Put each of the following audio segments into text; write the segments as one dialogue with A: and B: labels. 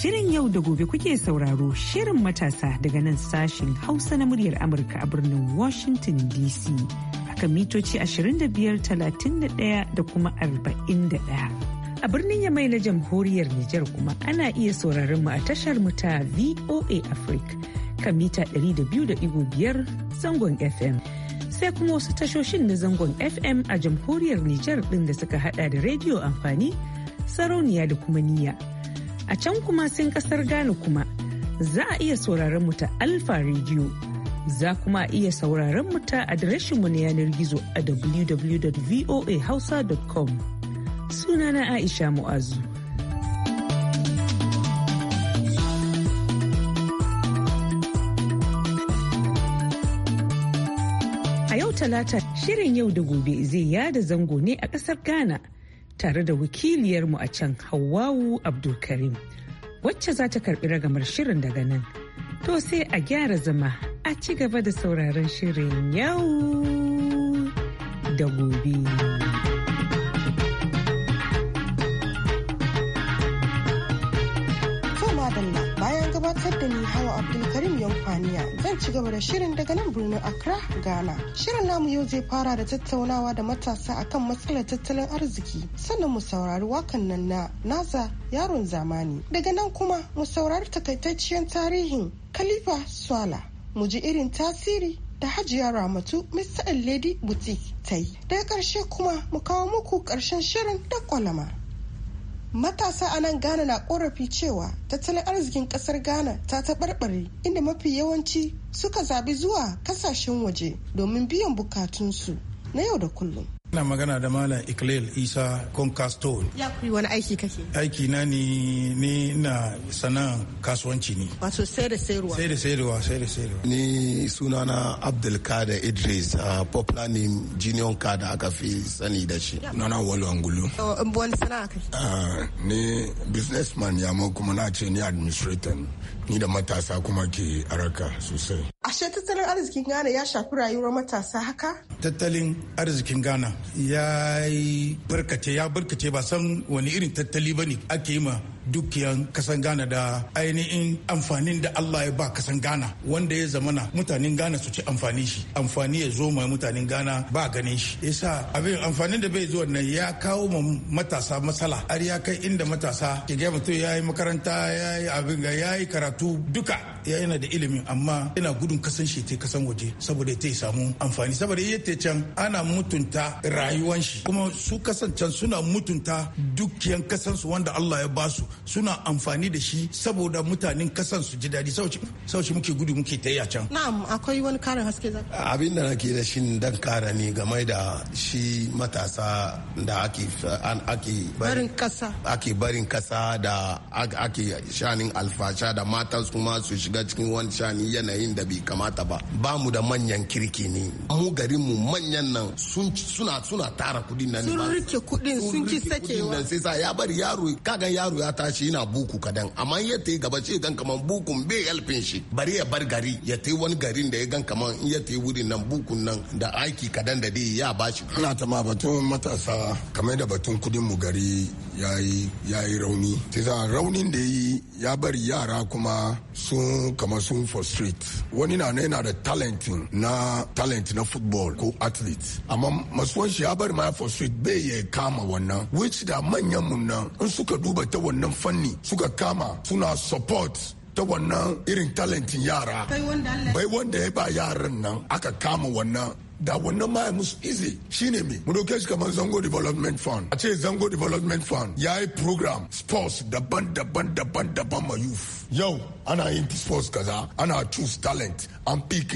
A: Shirin yau da gobe kuke sauraro Shirin matasa daga nan sashen Hausa na muryar Amurka a birnin Washington DC. Aka mitoci 25,31 da kuma 41. A birnin Yamai na jamhuriyar Nijar kuma ana iya sauraron mu a tashar mu ta VOA Africa kan mita 200.5 zangon FM. sai kuma wasu tashoshin na zangon FM a jamhuriyar Nijar ɗin da suka hada da rediyo amfani, sarauniya da kuma niyya. A can kuma sun kasar Ghana kuma za a iya sauraron mu ta Alfa Radio. Za kuma iya sauraron mu ta mu na yanar gizo a www.voahausa.com. Sunana Aisha Mu'azu. A yau talata shirin yau da gobe zai yada zango ne a ƙasar Ghana. tare da wakiliyarmu a can Hawwawu Abdulkarim wacce za ta karbi ragamar shirin daga nan. To sai a gyara zama a ci gaba da sauraron shirin yau da gobe.
B: gabatar da ni hawa abdulkarim yankwaniya zan ci gaba da shirin daga nan birnin accra ghana shirin namu yau zai fara da tattaunawa da matasa akan matsalar tattalin arziki sannan mu saurari wakan nan na nasa yaron zamani daga nan kuma mu saurari takaitacciyar tarihin kalifa swala mu ji irin tasiri da hajiya ramatu mr lady boutique ta yi daga karshe kuma mu kawo muku ƙarshen shirin da kwalama matasa a nan ghana na korafi cewa tattalin arzikin kasar ghana ta taɓarɓare inda mafi yawanci suka zaɓi zuwa kasashen waje domin biyan bukatunsu na yau da kullum
C: Ina magana da Malam Iklil Isa Concasto.
B: Ya kuri wani aiki kake?
C: Aiki na ni ni na sanan kasuwanci ne.
B: Wato sai da sayarwa.
C: Sai da sayarwa, sai da sayarwa. Ni sunana Abdul Kader
D: Idris a popular name Junior Kada aka fi sani da shi. Nana Walu Angulu.
B: Wani sana'a kake?
E: Ah, ni businessman ya kuma na ce ni administrator.
C: ni da matasa kuma ke araka sosai.
B: Ashe tattalin arzikin Ghana ya shafi rayuwar matasa haka?
C: Tattalin arzikin Ghana ya yi barkace ya barkace ba san wani irin tattali ba ne ake yi ma dukiyan kasan Ghana da ainihin amfanin da Allah ya ba kasan Ghana wanda ya zamana mutanen Ghana su ci amfani shi amfani ya zo mai mutanen Ghana ba ganin shi yasa abin amfanin da bai zo nan ya kawo ma matasa matsala har ya kai inda matasa ke ga mutum ya yi makaranta ya yi abin ga ya yi karatu duka ya yana da ilimin amma yana gudun kasan shi ta kasan waje saboda ta samu amfani saboda te can ana mutunta rayuwan shi kuma su can suna mutunta dukiyan kasan su wanda Allah ya ba su suna amfani da shi saboda mutanen kasan su ji daɗi sauci muke gudu muke ta iya can.
B: Na'am akwai wani karin haske za.
C: Abin da nake da shi dan kara ne game da shi matasa da ake
D: ake barin kasa ake barin kasa da ake shanin alfasha da matan su ma su shiga cikin wani shani yanayin da bai kamata ba ba mu da manyan kirki ne mu garin mu manyan nan suna suna tara kudin nan sun rike kudin sun ki sakewa sai sa ya bari yaro kaga yaro ya tashi yana buku kadan amma ya tai gaba ce gan kaman bukun bai yalfin shi bari ya bar gari ya tai wani garin da ya gan kaman in ya tai wurin nan bukun nan da aiki kadan da dai ya bashi
E: ina ta ma batun matasa
D: kamar da batun kudin
E: mu gari ya yi rauni ta raunin da yi ya bari yara kuma sun kama sun frustrate wani na yana da talentin na talent na football ko athlete amma masuwan shi ya bari ma frustrate bai ya kama wannan which da manyan mun nan in suka duba ta wannan fanni suka kama suna support ta wannan irin talentin yara bai wanda ya ba yaran nan aka kama wannan da wannan ma musu easy shine me mu dauke shi kamar zango development fund a ce zango development fund ya yi program sports daban-daban daban-daban ma youth yau ana yin sports kaza ana choose talent an pick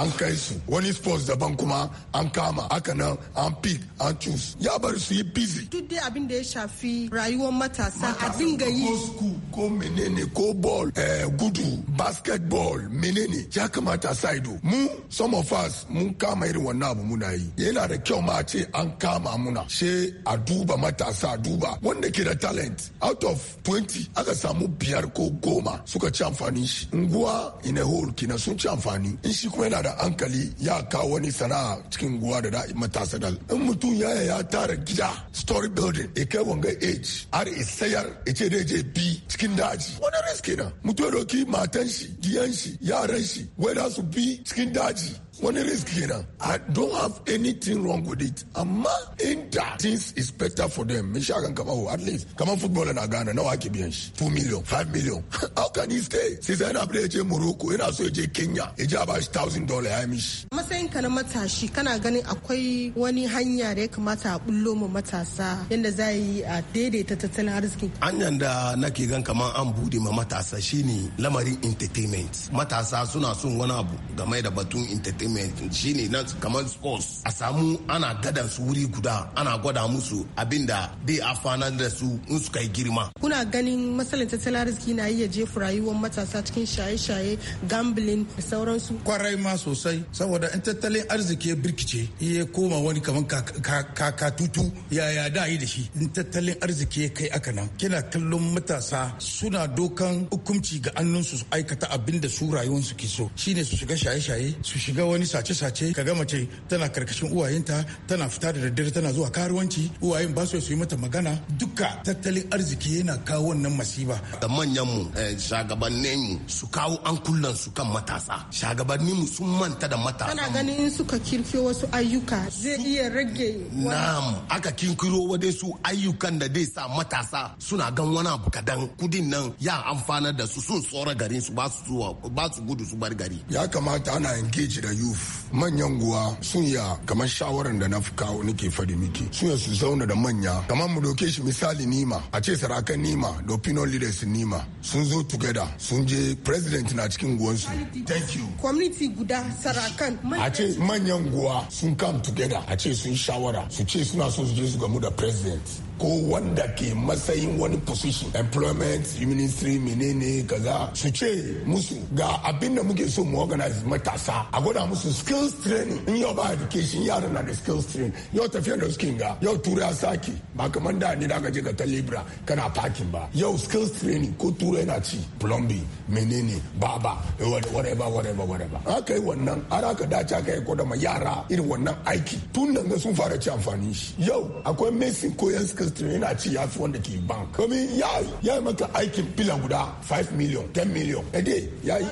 E: an kai su wani sports daban kuma an kama haka nan an pick an choose ya bar su yi busy duk dai
B: abin da ya shafi rayuwar matasa a dinga yi ko
E: ko menene ko ball eh, gudu basketball menene ya kamata sa mu some of us mun kama irin wannan abu muna yi yana da kyau ma ce an kama muna she a duba matasa a duba wanda ke da talent out of 20 aka samu biyar ko goma suka ci amfani shi unguwa ina hol kina sun ci amfani in shi kuma yana da hankali ya kawo wani sana'a cikin unguwa da matasa dal in mutum ya ya tara gida story building ya kai wanga age har ya sayar ya ce da je bi cikin daji wani risk kenan mutum ya doki matan shi giyan shi yaran shi wai da su bi cikin daji wani risk kenan i don't have anything wrong with it amma inda things is better for them me shagan kama ho at least kaman football na Ghana nawa ake biyan shi 2 million 5 million how can he stay sai sai na bude je Morocco yana so je Kenya ya ji ba shi 1000 dollar ya mishi
B: matsayin ka na matashi kana ganin akwai wani hanya da ya kamata a bullo ma matasa yanda za yi a daidaita tattalin arziki
D: hanyar da nake gan kaman an bude ma matasa shine lamarin entertainment matasa suna son wani abu game da batun entertainment agreement shine na kamar sports a samu ana gada su wuri guda ana gwada musu abinda dai afanar da su in suka yi girma
B: kuna ganin matsalar tattalin arziki na iya jefa rayuwar matasa cikin shaye-shaye gambling da sauransu
C: kwarai ma sosai saboda in tattalin arziki ya birkice iya koma wani kamar kakatutu yaya da yi da shi in tattalin arziki ya kai aka nan kina kallon matasa suna dokan hukunci ga annunsu su aikata abin da su rayuwarsu ke so shine su shiga shaye-shaye su shiga wani wani sace-sace ka ga mace tana karkashin uwayenta tana fita da daddare tana zuwa karuwanci uwayen ba su yi mata magana duka tattalin arziki yana kawo wannan masiba
D: da manyan mu eh, shagabannin mu su kawo an kullan su kan matasa shagabannin mu sun manta da matasa kana ganin
B: suka kirkiro wasu ayyuka zai iya rage na'am
D: aka kinkiro wadai su ayyukan da dai sa matasa suna gan wani abu kadan kudin nan ya amfana da su sun tsora garin su ba su gudu su bar gari
E: ya kamata ana engage da youth manyan guwa sun ya kamar shawaran da na kawo nake fari miki sun su zauna da manya kamar mu doke shi misali nima a ce sarakan nima da opinion leaders nima sun zo together sun je president na cikin guwansu thank
B: you community guda sarakan a ce manyan
E: guwa sun come together a ce sun shawara su ce suna so su je su gamu da president ko wanda ke matsayin wani position employment ministry menene kaza su ce musu ga abin da muke so mu organize matasa a gwada musu skills training in yau ba education yara na da skills training yau tafiyar da suke ga yau turai saki ba kamar da ne da ka je ka ta libra kana parking ba yau skills training ko turai na ci plumbing menene baba whatever whatever whatever aka yi wannan ara ka dace aka yi gwada ma yara irin wannan aiki tun nan ga sun fara ci amfani shi yau akwai mesin koyan skills system yana ci ya fi wanda ke bank domin ya yi maka aikin filan guda 5 million 10 million a day ya yi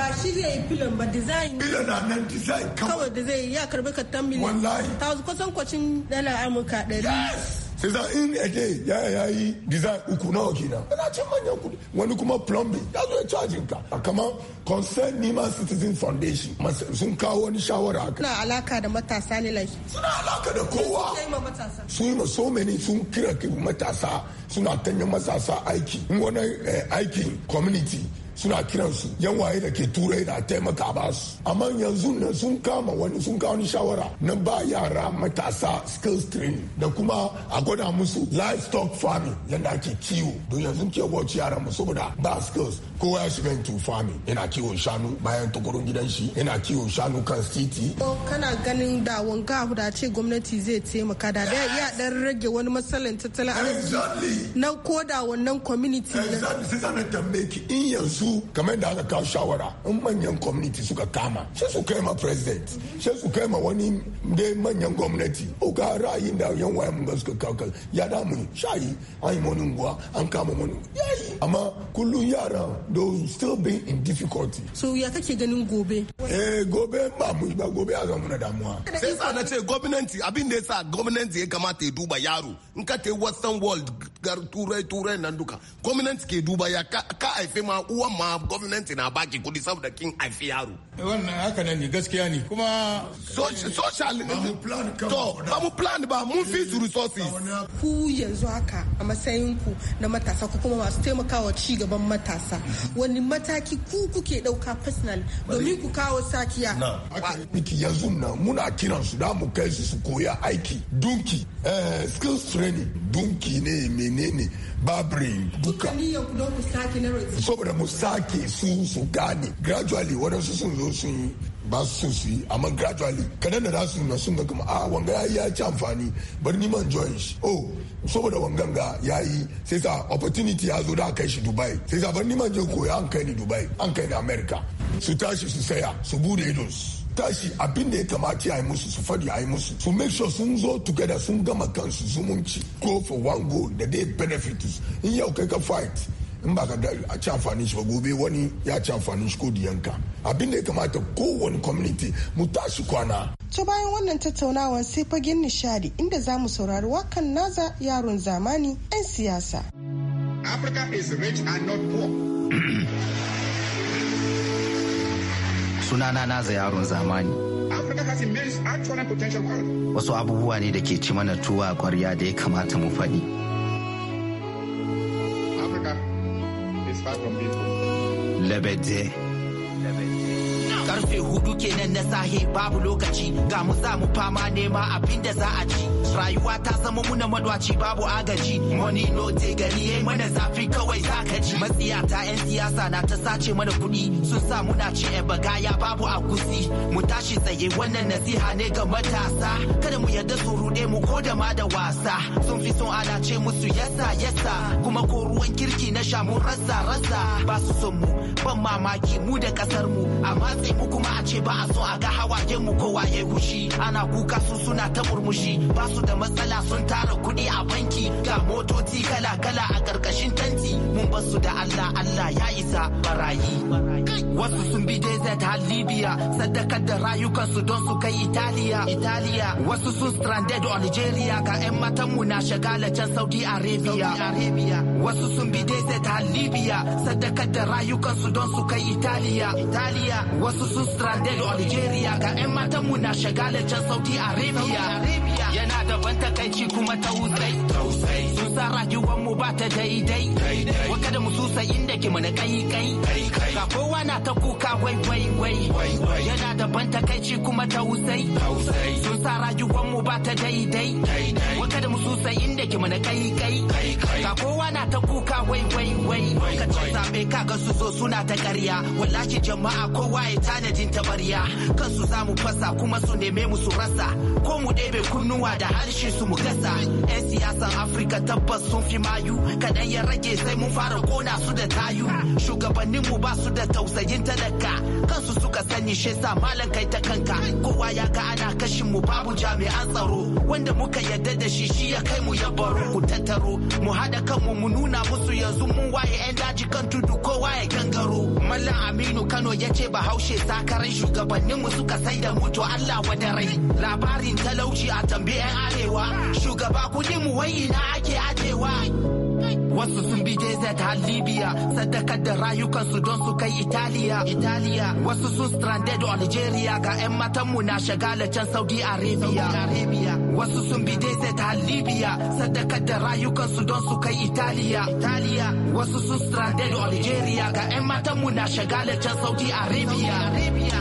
E: ba shi zai yi filan ba design filan na nan design kawai da zai
B: ya karbi ka 10 million wallahi ta kusan kwacin dala amurka 100
E: sai za in a day ya yi design uku nawa kenan yana cin manyan kudi wani kuma plumbing ya zo ya cajin ka a kama concern nima citizen foundation sun kawo wani shawara haka suna
B: alaka da matasa ne lai suna
E: alaka da kowa su yi ma so many sun kira matasa suna tanya matasa aiki wani eh, aikin community suna kiransu yan waye da ke turai da taimaka ba su amma yanzu nan sun kama wani sun kawo shawara na ba yara matasa skills training da kuma a gwada musu livestock farming yadda ake kiwo don yanzu ke wace yaran mu saboda ba skills kowa ya shiga into farming yana kiwon shanu bayan tukurun gidan shi yana kiwon shanu kan city
B: kana ganin da wanka da ce gwamnati zai taimaka da da iya dan rage wani matsalan tattalin arziki na koda wannan community
E: exactly sai in yanzu su kamar da aka kawo shawara in manyan community suka kama shi su kai ma president shi su kai ma wani dai manyan gwamnati o ga ra'ayin da yan wayan mun suka kawo ya da mu shayi an yi wani unguwa an kama wani yayi amma kullum yara do still be in difficulty
B: so ya kake ganin gobe
E: eh gobe ba mu ba gobe a zama na
D: damuwa sai sa na ce gwamnati abin da yasa gwamnati ya kamata ya duba yaro in ka te western world gar turai turai nan duka gwamnati ke duba ya ka haife ma uwan ma gwamnati na baki kudi saboda kin haifi yaro
C: eh, wannan haka nan ne gaskiya ne kuma social
E: to ba mu plan ba mun fi su resources ku yanzu
B: haka a matsayin ku na matasa ku kuma masu taimakawa ci gaban matasa wani mataki ku kuke dauka personal domin ku kawo sakiya
E: miki yanzu nan muna kiran su da mu kai su su koya aiki dunki eh, skills training dunki ne menene babri duka saboda mu sake su su gane gradually waɗansu sun zo sun ba su sun su yi amma gradually kadan da su na sun a ah, wanga ya ya ci amfani bar man join shi oh saboda wangan ya yi sai sa opportunity ya zo da kai shi dubai sai sa bar ni man je koya an kai ni dubai an kai ni america su tashi su saya su bude idonsu tashi abin da ya kamata ya yi musu su fadi ya yi musu su make sure sun zo together sun gama kansu zumunci go for one goal da dey benefit in yau kai ka fight in ba ka a ci amfani shi ba gobe wani ya ci amfani shi ko diyanka abin da ya kamata kowane community mu tashi kwana.
B: to bayan wannan tattaunawar sai fagen nishadi inda za mu saurari wakan naza yaron zamani 'yan siyasa.
E: africa rich and not poor.
F: sunana na yaron zamani wasu abubuwa ne da ke ci mana tuwa kwarya da ya kamata mu faɗi labede karfe hudu kenan na sahe babu lokaci ga mu za mu fama nema abin da za a ci rayuwa ta zama muna madwaci babu agaji money no te gani yayi mana zafi kawai zaka ji matsiya ta yan siyasa na ta sace mana kuɗi sun sa muna ci e bagaya babu akusi mu tashi tsaye wannan nasiha ne ga matasa kada mu yarda su rude mu ko da ma da wasa sun fi son ana ce musu yasa yasa kuma ko ruwan kirki na sha mun rasa rasa ba su son mu ban mamaki mu da kasar mu a matsayi mu kuma a ce ba a so a ga hawayen mu kowa ya gushi ana kuka su suna ta murmushi ba su su da matsala sun tara kuɗi a banki ga motoci kala-kala a karkashin tanti mun basu da Allah Allah ya isa barayi. Wasu sun bi desert har Libya sadakar da rayukansu don su kai Italiya. Italiya wasu sun stranded a Nigeria ga 'yan matanmu na shagala can Saudi Arabia. Wasu sun bi desert har Libya sadakar da rayukansu don su kai Italiya. Italiya wasu sun stranded a Nigeria ga 'yan matanmu na shagala can Saudi Arabia. yana da ban takaici kuma tausai sun sa rayuwar mu ba ta daidai waka da mususa inda ke mana kai kai ga kowa na ta kuka wai wai wai yana da ban takaici kuma tausai sun sa rayuwar mu ba ta daidai waka da mususa inda ke mana kai kai ga kowa na ta kuka wai wai wai ka ce zabe ka ga su so suna ta ƙarya wallahi jama'a kowa ya ta tabarya kansu za mu fasa kuma su neme mu su rasa ko mu ɗebe kunnuwa da harshe su mu gasa siyasa 'yan siyasan afirka tabbas sun fi mayu kaɗan ya rage sai mun fara kona su da tayu shugabanninmu ba su da tausayin talaka kansu suka sani shi sa malam kai ta kanka kowa ya ga ana kashin mu babu jami'an tsaro wanda muka yarda da shi shi ya kai mu ya baro ku tattaro mu haɗa kanmu mu nuna musu yanzu mun waye 'yan daji kan tudu kowa ya gangaro mallam aminu kano ya ce bahaushe sakarai shugabanninmu suka sai da mu to allah wadarai labarin talauci a tambi 'yan arewa gaba ku ji mu wai ina ake ajewa. Wasu sun bi JZ ta Libya, sadakar da rayukansu don su kai Italiya. Italiya. Wasu sun stranded Algeria ga 'yan matanmu na shagala can Saudi Arabia. Wasu sun bi JZ ta Libya, sadakar da rayukansu don su kai Italiya. Italiya. Wasu sun stranded Algeria ga 'yan matanmu na shagala can Saudi Arabia.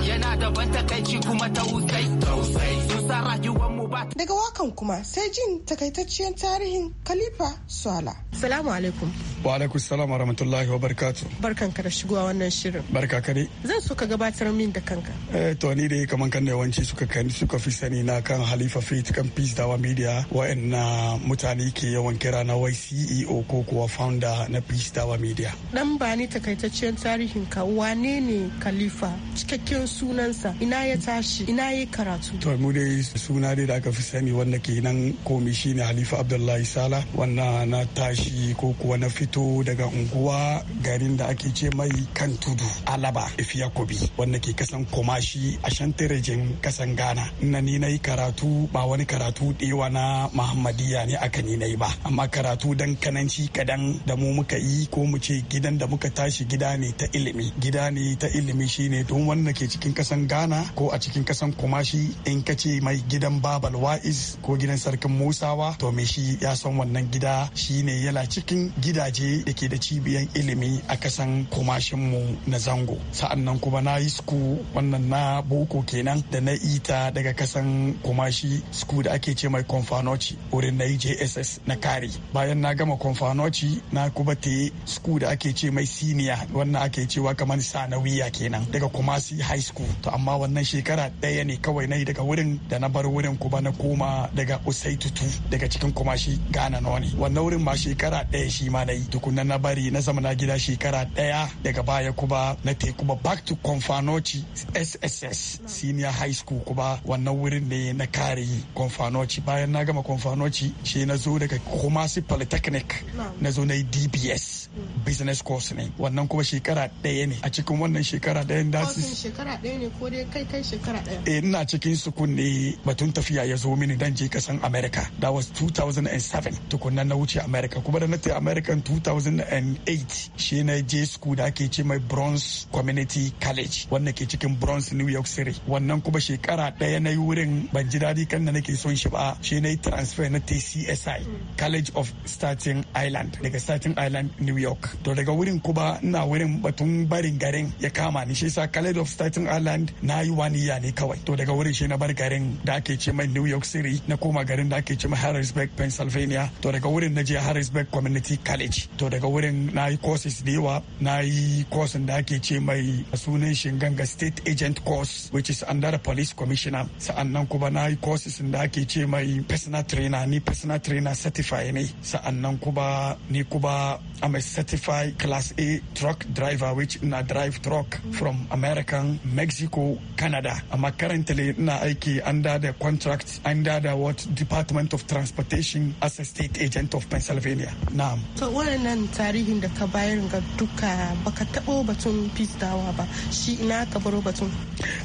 F: Yana da ban takaici kuma ta usai.
B: Sun sa rayuwar ba. Daga wakan kuma sai jin takaitacciyar tarihin Khalifa Swala. Salamu alaikum.
G: Wa alaikum salam wa rahmatullahi wa barkatu. Barkan ka da shigowa wannan shirin. Barka ka
B: Zan so ka gabatar min da kanka.
G: Eh to ni dai kaman kan ne yawanci suka kan suka fi sani na kan Khalifa Faith kan Peace Dawa Media wa'anna mutane ke yawan kira na wai CEO ko kuwa founder na Peace Dawa Media.
B: Dan ba ni takaitacciyar tarihin ka wane ne Khalifa cikakken sunansa ina ya tashi ina ya karatu.
G: To mu dai suna dai da Ka fi sani wanda ke nan komi ne halifa abdullahi sala wanda na tashi ko kuwa na fito daga unguwa garin da ake ce mai kan tudu alaba ifiyakobi wanda ke kasan komashi a shantirejin kasan ghana na ni na yi karatu ba wani karatu ɗewa na muhammadiya ne aka ni na yi ba amma karatu dan kananci kadan da mu muka yi ko mu ce gidan da muka tashi gida ne ta ilimi gida ne ta ilimi shine don wanda ke cikin kasan ghana ko a cikin kasan komashi in ka ce mai gidan babal wa'iz ko gidan sarkin musawa to me shi ya san wannan gida shine yana cikin gidaje da ke da cibiyan ilimi a kasan kumashin mu na zango sa'annan kuma na yi sku wannan na boko kenan da na ita daga kasan kumashi sku da ake ce mai konfanoci wurin na yi jss na kare bayan na gama konfanoci na kuma te sku da ake ce mai siniya wannan ake cewa kamar sanawiya kenan daga kumasi high school to amma wannan shekara ɗaya ne kawai na yi daga wurin da na bar wurin kuma fa na koma daga usai tutu daga cikin kuma shi ghana na wannan wurin ma shekara ɗaya shi ma na yi tukunna na bari na zama na gida shekara ɗaya daga baya kuma na te kuma back to konfanoci sss senior high school kuma wannan wurin ne na kare yi konfanoci bayan na gama konfanoci shi na zo daga kumasi polytechnic na zo na yi dbs business course ne wannan kuma shekara ɗaya ne a cikin wannan shekara ɗaya da
B: shekara ɗaya ne ko dai kai kai shekara ɗaya
G: eh ina cikin sukun ne batun tafiya ya zo mini dan je kasan america that was 2007 tukunna na wuce america kuma da na ta america 2008 shi na je school da ake ce mai bronze community college wannan ke cikin bronze new york city wannan kuma shekara daya na yi wurin ban ji dadi kan da nake son shi ba shi na yi transfer na tcsi college of staten island daga staten island new york to daga wurin kuma ina wurin batun barin garin ya kama ni shi sa college of staten island na yi wani ne kawai to daga wurin shi na bar garin da ake ce mai new york city na koma garin da ake cima harrisburg pennsylvania to daga wurin na je harrisburg community college to daga wurin na yi courses da yawa na yi course da ake ce mai sunan shinganga state agent course which is under the police commissioner sa'annan kuma na yi courses da ake ce mai personal trainer ni personal trainer certified ne sa'annan kuma ni kuma am a certified class a truck driver which na drive truck from american mexico canada amma currently ina aiki under the contract act under the what department of transportation as a state agent of pennsylvania na'am
B: so nan tarihin da ka bayar ga duka baka taɓo batun peace dawa
G: ba shi ina ka baro batun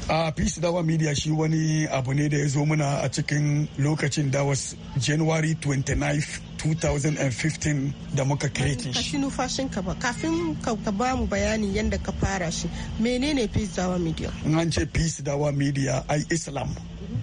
G: Ah peace dawa media shi wani abu ne da ya zo muna a cikin lokacin da was january 29 2015 da muka kreti shi. Kashi
B: nufashin ka ba kafin ka ba mu bayani yadda ka fara shi menene Peace Dawa Media?
G: an ce Peace Dawa Media ai Islam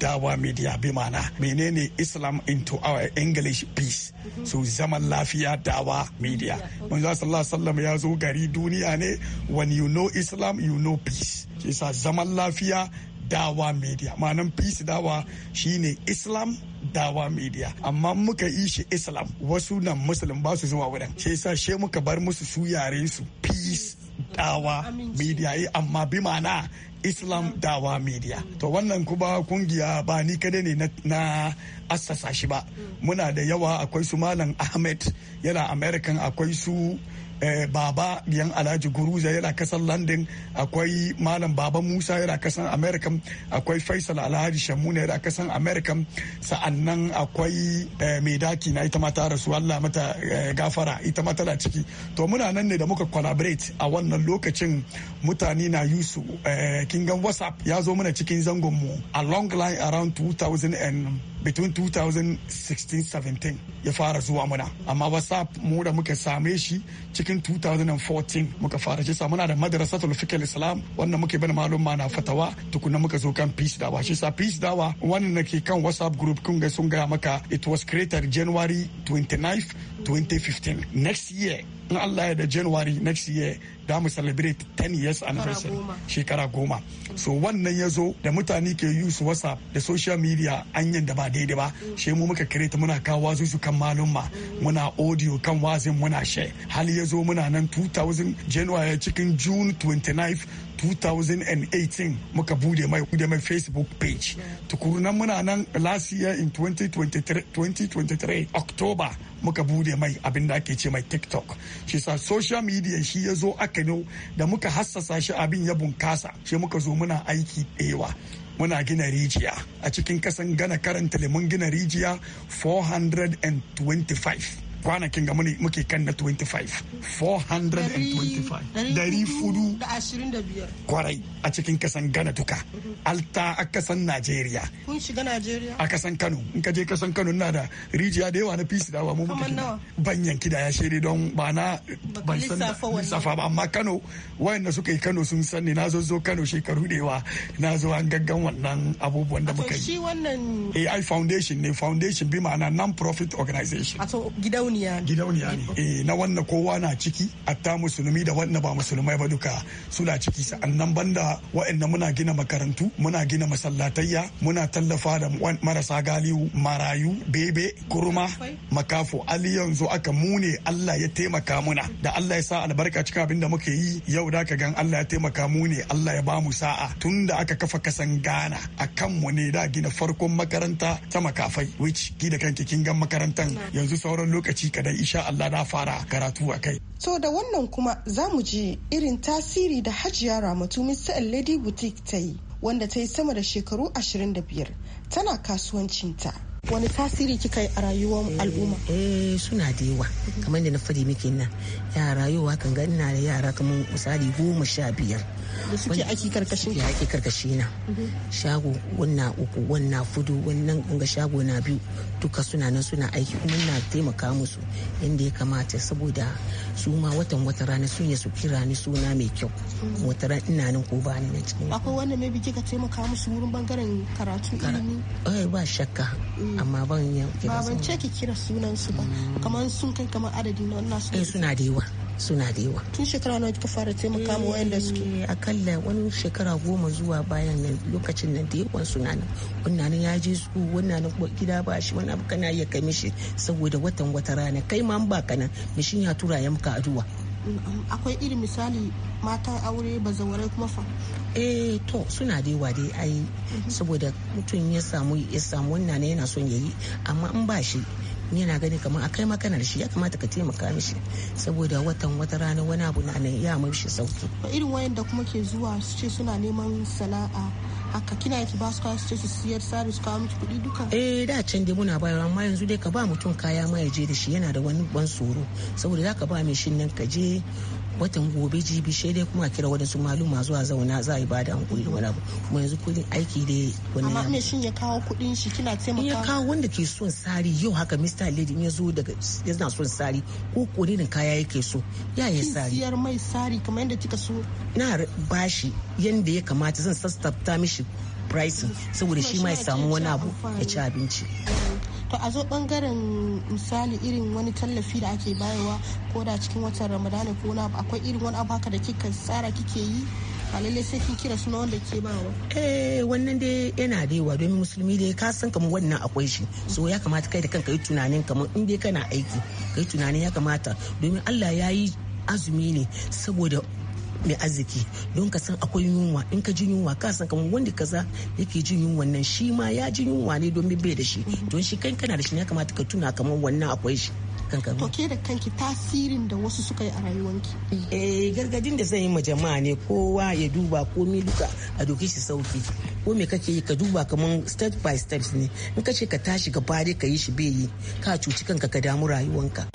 G: dawa media bi mana menene islam into our english peace so zaman lafiya dawa media manzo sallallahu alaihi wasallam ya zo gari duniya ne when you know islam you know peace sa zaman lafiya dawa media ma'anan peace dawa shine islam dawa media amma muka yi shi islam wasu nan musulun ba su zuwa wurin shi sa she muka bar musu su yare su peace dawa media eh, amma bi ma'ana islam dawa media to wannan kuba kungiya ba ni kadai ne na assasa shi ba muna da yawa akwai su malam ahmed yana american akwai su Eh, baba yan alhaji guruza yana kasar london akwai malam baba musa yana kasar america akwai faisal alhaji shamuna yana kasar america sa'annan akwai eh, mai daki na ita mata ta rasu allah mata eh, gafara ita mata na ciki to muna nan ne da muka collaborate a wannan lokacin mutane na yusu kingan whatsapp ya zo mana cikin zangon mu a long line around 2000 and between 2016-17 ya fara zuwa muna amma whatsapp mu da muka same shi cikin cikin 2014 muka fara shi muna da madarasa fikil islam wanda muke bani malum na fatawa tukuna muka zo kan peace dawa shi sa peace dawa wannan nake kan whatsapp group kun ga sun gaya maka it was created january 29 2015 next year in allah ya da january next year da mu celebrate 10 years anniversary shekara goma so wannan ya zo da mutane ke use whatsapp da social media anyan da ba daidai ba mm. shi mu muka create muna kawo wasu kan malumma mm. muna audio kan wazin muna share hali ya zo muna nan 2000 january cikin june 29 2018 muka bude mai bude mai facebook page tukurunan muna nan last year in 2023, 2023 october muka bude mai abin da ake ce mai tiktok shi sa social media shi ya zo aka no da muka hassasa shi abin ya bunkasa shi muka zo muna aiki ɗewa muna gina rijiya a cikin kasan gana karanta mun gina rijiya 425 kwanakin ga muke kan na 25 425 dari fudu kwarai a cikin kasan ghana duka alta a kasan najeriya
B: kun shiga najeriya a
G: kasan kano in ka je kasan kano na da rijiya da yawa na fisi da mu muke ban yanki da ya shiri don ba na ban san lissafa ba amma kano da suka yi kano sun san ne na zo zo kano shekaru da yawa na zo an gaggan wannan abubuwan da muka yi shi
B: wannan
G: ai foundation ne foundation bi ma'ana non profit organization a
B: gidan gidauniya
G: gidauniya ne eh na wannan kowa na ciki hatta musulmi da wannan ba musulmai ba duka suna ciki sa'annan banda wa'annan muna gina makarantu muna gina masallatayya muna tallafa da marasa galihu marayu bebe kurma makafo ali yanzu aka mune Allah ya taimaka muna da Allah ya sa albarka cikin abin da muke yi yau da ka gan Allah ya taimaka mu ne Allah ya ba mu sa'a tun da aka kafa kasan gana a kan mu ne da gina farkon makaranta ta makafai which ki da kanki kin gan makarantan yanzu sauran lokaci lokaci kadan insha Allah na fara karatu a kai.
B: To da wannan kuma za mu je irin tasiri da Hajiya Ramatu Mr. Lady Boutique ta yi wanda ta yi sama da shekaru 25 tana kasuwancinta. wani tasiri kika yi a rayuwar al'umma
H: eh, eh suna da yawa kamar da na fari muke nan yara yau hakan gani na da yara kamar misali goma sha biyar da suke aiki karkashin ke aiki karkashi na mhm. shago wannan uku wannan fudu wannan ga shago na biyu duka suna nan suna aiki kuma na taimaka musu inda ya kamata saboda su ma watan wata rana sun yi su kira ni suna mai kyau mhm. wata rana ina nan ko ba ni na cikin akwai
B: wanda mai biki ka taimaka musu wurin bangaren karatu ilimi
H: eh ba shakka mm. amma ban yi ba ban ce
B: ki kira sunan su ba mm. kamar sun kai kamar adadi na wannan eh, suna
H: da yawa suna da yawa
B: tun shekara nawa kika fara taimaka ma eh, wayanda suke
H: akalla wani shekara goma zuwa bayan nan lokacin nan da yawan suna nan wannan ya je su wannan kuma gida ba shi wani abu kana iya kai mishi saboda watan wata rana kai ma ba kana mishin ya tura ya muka aduwa
B: mm, um, akwai irin misali mata aure ba bazawarai
H: kuma fa eh to suna da yawa dai ai mhm. saboda mutum ya samu ya samu wannan yana son yayi amma in ba shi ni yana gani kamar akai makanar shi ya kamata ka taimaka mishi saboda watan wata rana wani abu na nan ya mai shi sauki
B: irin da kuma ke zuwa su ce suna neman sana'a haka kina ki ba su kaya su ce su siyar sabis su kawo miki kuɗi duka
H: eh da can dai muna bayarwa amma yanzu dai ka ba mutum kaya ma ya je da shi yana da wani ban tsoro saboda ka ba mai shin nan ka je watan gobe jibi shi dai kuma kira wadansu maluma zuwa zauna za a yi bada an kulli wani abu kuma yanzu kudin aiki dai wani amma me shin ya kawo kudin shi kina taimaka ya kawo wanda ke son sari yau haka Mr. Lady ya zo daga yana son sari ko kodinin kaya yake so ya yi sari siyar mai sari kamar yadda kika so na bashi yadda ya kamata zan sassafta mishi pricing saboda shi ma ya samu wani abu ya ci abinci
B: to a zo bangaren misali irin wani tallafi da ake bayarwa ko da cikin watan ramadana ko na akwai irin wani abu haka da kika tsara kike yi ba sai kin kira suna wanda ke ba
H: eh wannan dai yana da yawa domin musulmi dai ka san kamar wannan akwai shi so ya kamata kai da kanka yi tunanin kamar in dai kana aiki kai tunanin ya kamata domin Allah ya yi azumi ne saboda mai arziki don ka san akwai yunwa in ka ji yunwa ka san kamar wanda kaza yake jin yunwa nan shi ma ya ji yunwa ne domin bai da shi mhm. don shi kai kana da shi ya kamata ka tuna kamar wannan akwai shi kanka to da kanki
B: tasirin da wasu suka yi a rayuwanki
H: eh gargadin da zan yi ma jama'a ne kowa ya duba komi duka a doki shi sauki ko me kake yi ka duba kamar step by step ne in ka ce ka tashi ka bare ka yi shi bai yi ka cuci kanka ka damu rayuwanka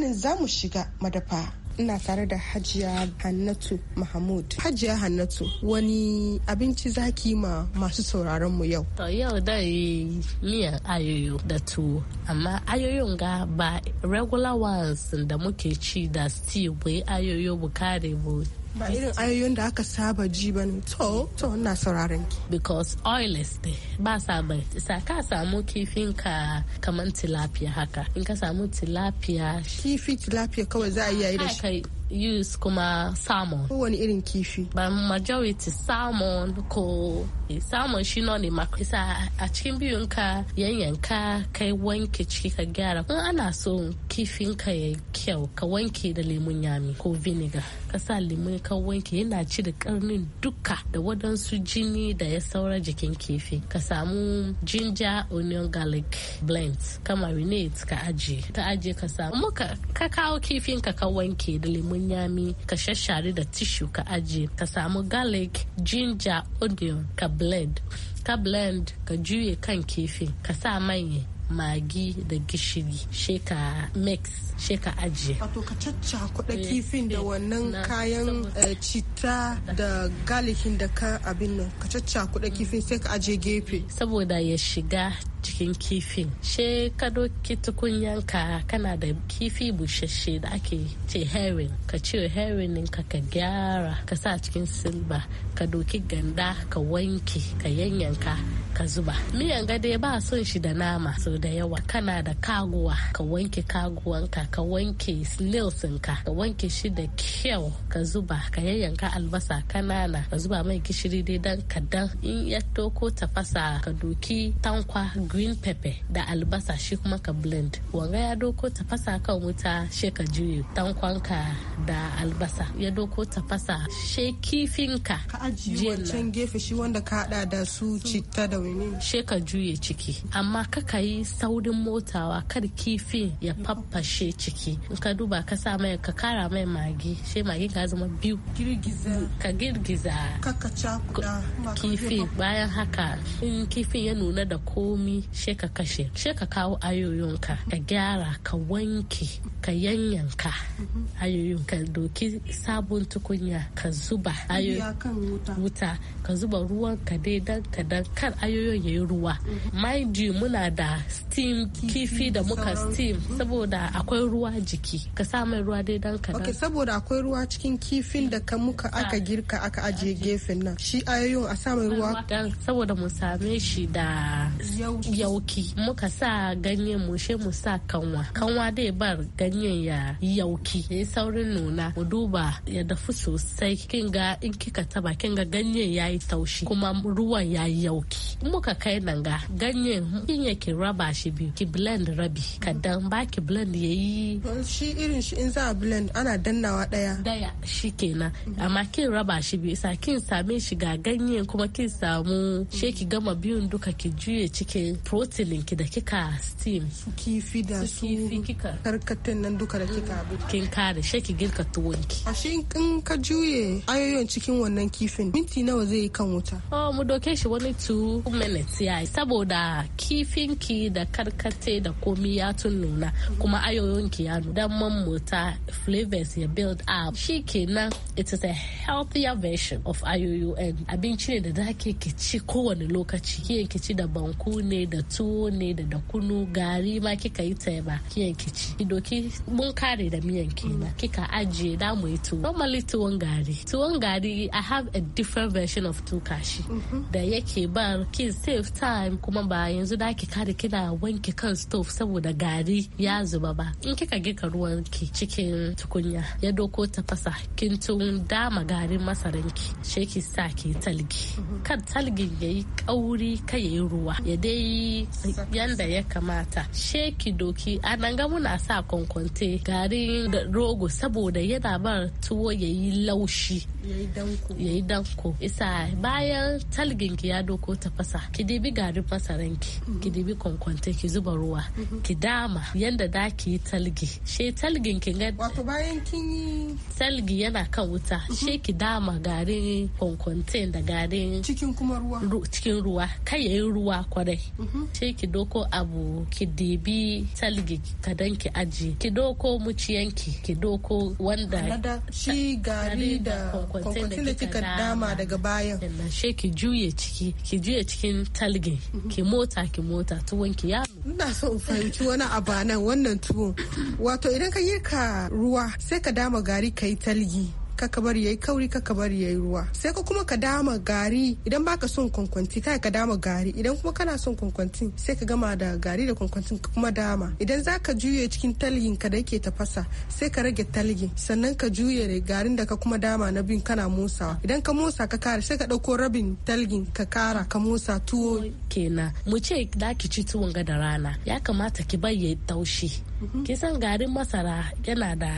B: tsammanin za mu shiga madafa ina tare da hajiya hannatu mahmud hajiya hannatu wani abinci zaki ma masu sauraron mu yau
I: to yau dai miyan ayoyo da tuwo amma ayoyon ga ba regular ones da muke ci da stew bai ayoyo bukare bu
B: ba irin ayoyin
I: da aka saba ji ba ne to to ina sauraron ki because oil is there ba sa bai sa ka samu kifin ka kaman tilapia haka in ka samu tilapia kifi tilapia kawai za a iya yi da shi yus kuma salmon kowane irin kifi ba majority salmon ko eh, salmon shi na ne makrisa a cikin biyun ka yanyanka kai wanke ciki ka gyara kun ana so kifin ka ya kyau ka wanke da lemun yami ko vinegar ka sa lemun ka wanke yana ci da karnin duka da wadansu jini da ya saura jikin kifi ka samu ginger onion garlic blend ka marinate ka ajiye. ka ajiye ka samu ka kawo kifin ka ka wanke da lemun lemon yami ka shashare da tishu ka aje ka samu garlic ginger onion ka blend ka blend ka juye kan kifin ka sa manye magi da gishiri sheka mix sheka ajiye. Wato ka
B: cacca yeah, kifin da eh, wannan kayan eh, cita
I: da galikin da ka abin nan ka cacca caccakuɗa kifin sai ka ajiye gefe. Saboda ya shiga cikin kifin she ka doki ka kana da kifi bushashe da ake ce herring ka ce herring din ka gyara ka sa cikin silba ka doki ganda ka wanke ka yanyanka ka zuba miyan gade ba son shi da nama so da yawa kana da kaguwa ka wanke kaguwanka ka wanke snails ka wanke shi da kyau ka zuba ka yanyanka albasa kanana ka zuba mai gishiri dai dan kadan in ya toko tafasa ka doki tankwa green pepper da albasa shi kuma ka blend wanga ya doko tafasa kan wuta shi ka juye tankwanka da albasa ya doko tafasa She kifinka ka ajiye wancan gefe shi wanda ka hada da su citta da wani shi ka juye ciki amma kaka yi saurin motawa kar kifin ya faffashe ciki in ka duba ka sa mai ka kara mai magi she magi ka zama biyu Girgiza ka girgiza kaka cakuda kifi bayan haka in kifin ya nuna da komi yi ka kashe she ka kawo ayoyinka ka gyara ka wanke ka yanyanka ayoyin ka doki sabon tukunya ka zuba wuta ka zuba ruwan ka dai dan ka dan kar ayoyin yayi ruwa mhm. mind you muna da steam kifi da muka steam mhm. saboda akwai ruwa jiki ka sa mai ruwa dai dan ka dan saboda akwai ruwa cikin kifin da ka muka aka girka aka ajiye gefen nan shi ayoyin a sa mai ruwa saboda mu same shi da yauki muka sa ganye mu she mu sa kanwa kanwa dai bar ganyen ya yauki ya saurin nuna mu duba ya dafu sosai kin ga in kika taba kin ga ganyen yi taushi kuma ruwan yayi yauki muka kai nan ga ganyen kin yake raba shi biyu ki blend rabi dan ba ki blend yayi shi irin shi in za a blend ana dannawa daya daya shi kenan amma kin raba shi biyu sa kin same shi ga ganyen kuma kin samu she ki gama biyun duka ki juye cikin protein ki da kika steam su kifi da su karkatan nan duka da kika abu kin kare shi ki girka tuwon ki
B: a shi in ka juye ayoyin cikin
I: wannan kifin minti nawa zai yi kan wuta oh mu doke shi wani 2 minutes yayi saboda kifin ki da karkate da komi ya tun nuna kuma ayoyin ki ya nuna dan mamuta flavors ya build up shi kenan it is a healthier version of ayoyin abinci ne da zaki ki ci kowane lokaci ki ci da banku ne da tuwo ne da da kunu gari ma kika yi ta ba kiyan kici doki mun kare da miyan kenan kika ajiye da mu ito tuwo normally tuwon gari tuwon gari i have a different version of tukashi mm-hmm. da yake ba ki save time kuma ba yanzu da ki kare kina wanke kan stove saboda gari ya zuba ba in kika gika ruwan ki cikin tukunya ya doko tafasa kin tun dama gari masaran ki sa ki talgi mm-hmm. kan talgin yayi kauri kai yayi ruwa ya dai yi yanda ya kamata sheki doki a nan ga muna sa kwankwante garin rogo saboda yana bar tuwo ya yi laushi yayi danko isa bayan talgin ki ya doko fasa. ki dibi garin fasa ki ki mhm. dibi kwankwante ki zuba ruwa mhm. ki dama yanda da ki yi talgi she talgin ki ga wato bayan kin yi talgi yana kan wuta mhm. she ki dama garin kwankwante da garin cikin kuma ruwa cikin ruwa kai yayi ruwa kwarai she ki doko abu ki dibi talgi ka ki aji ki doko muciyanki ki doko wanda shi gari da kwankwancin da kika dama daga bayan she ki juye ciki ki juye cikin talge mhm. ki mota ki mota tuwon ki ya
B: ina so in fahimci wani abanan wannan tuwon. wato idan ka yirka ruwa sai ka dama gari ka yi talgi kaka bari yayi kauri kaka bari yayi ruwa sai ka kuma ka dama gari idan baka son kwankwanti kai ka dama gari idan kuma kana son kwankwanti sai ka gama da gari da kwankwanti ka kuma dama idan zaka juye cikin talgin ka da yake tafasa sai ka rage talgin sannan ka juye garin da ka kuma dama na bin kana musawa idan ka musa ka kara sai ka dauko rabin talgin ka kara ka musa tuwo kenan
I: mu ce da ki ci tuwon ga da rana ya kamata ki bayye taushi mhm. kisan garin masara yana da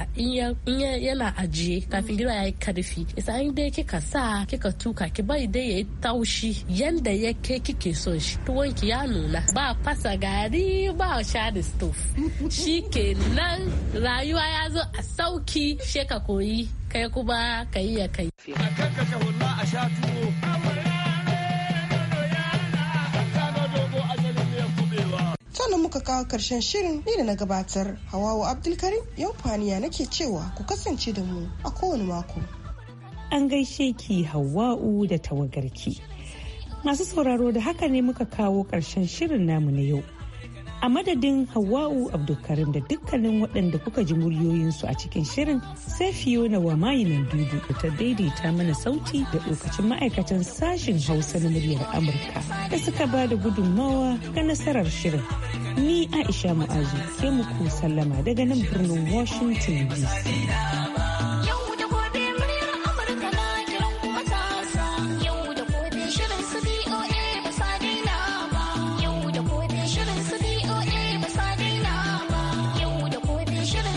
I: yana ajiye kafin gida ya yi karfi isa in dai kika sa kika tuka ki bai dai yayi taushi yanda yake kike son shi tuwon ki ya nuna ba fasa gari ba sha da ke nan rayuwa ya zo a sauki sheka koyi kai kuma ka yi ya kai
B: sannan muka kawo karshen shirin ne da na gabatar hawawa abdulkarim
A: yau faniya nake cewa ku kasance da mu a kowane mako an gaishe ki hawa'u da tawagarki masu sauraro da haka ne muka kawo karshen shirin namu na yau a madadin hawa'u abdulkarim da dukkanin waɗanda kuka ji muryoyinsu a cikin shirin sai fiona wa mayinan dudu da ta daidaita mana sauti da lokacin ma'aikatan sashen hausa na muryar amurka da suka ba da gudunmawa ga nasarar shirin ni aisha mu'azu ke muku sallama daga nan birnin washington dc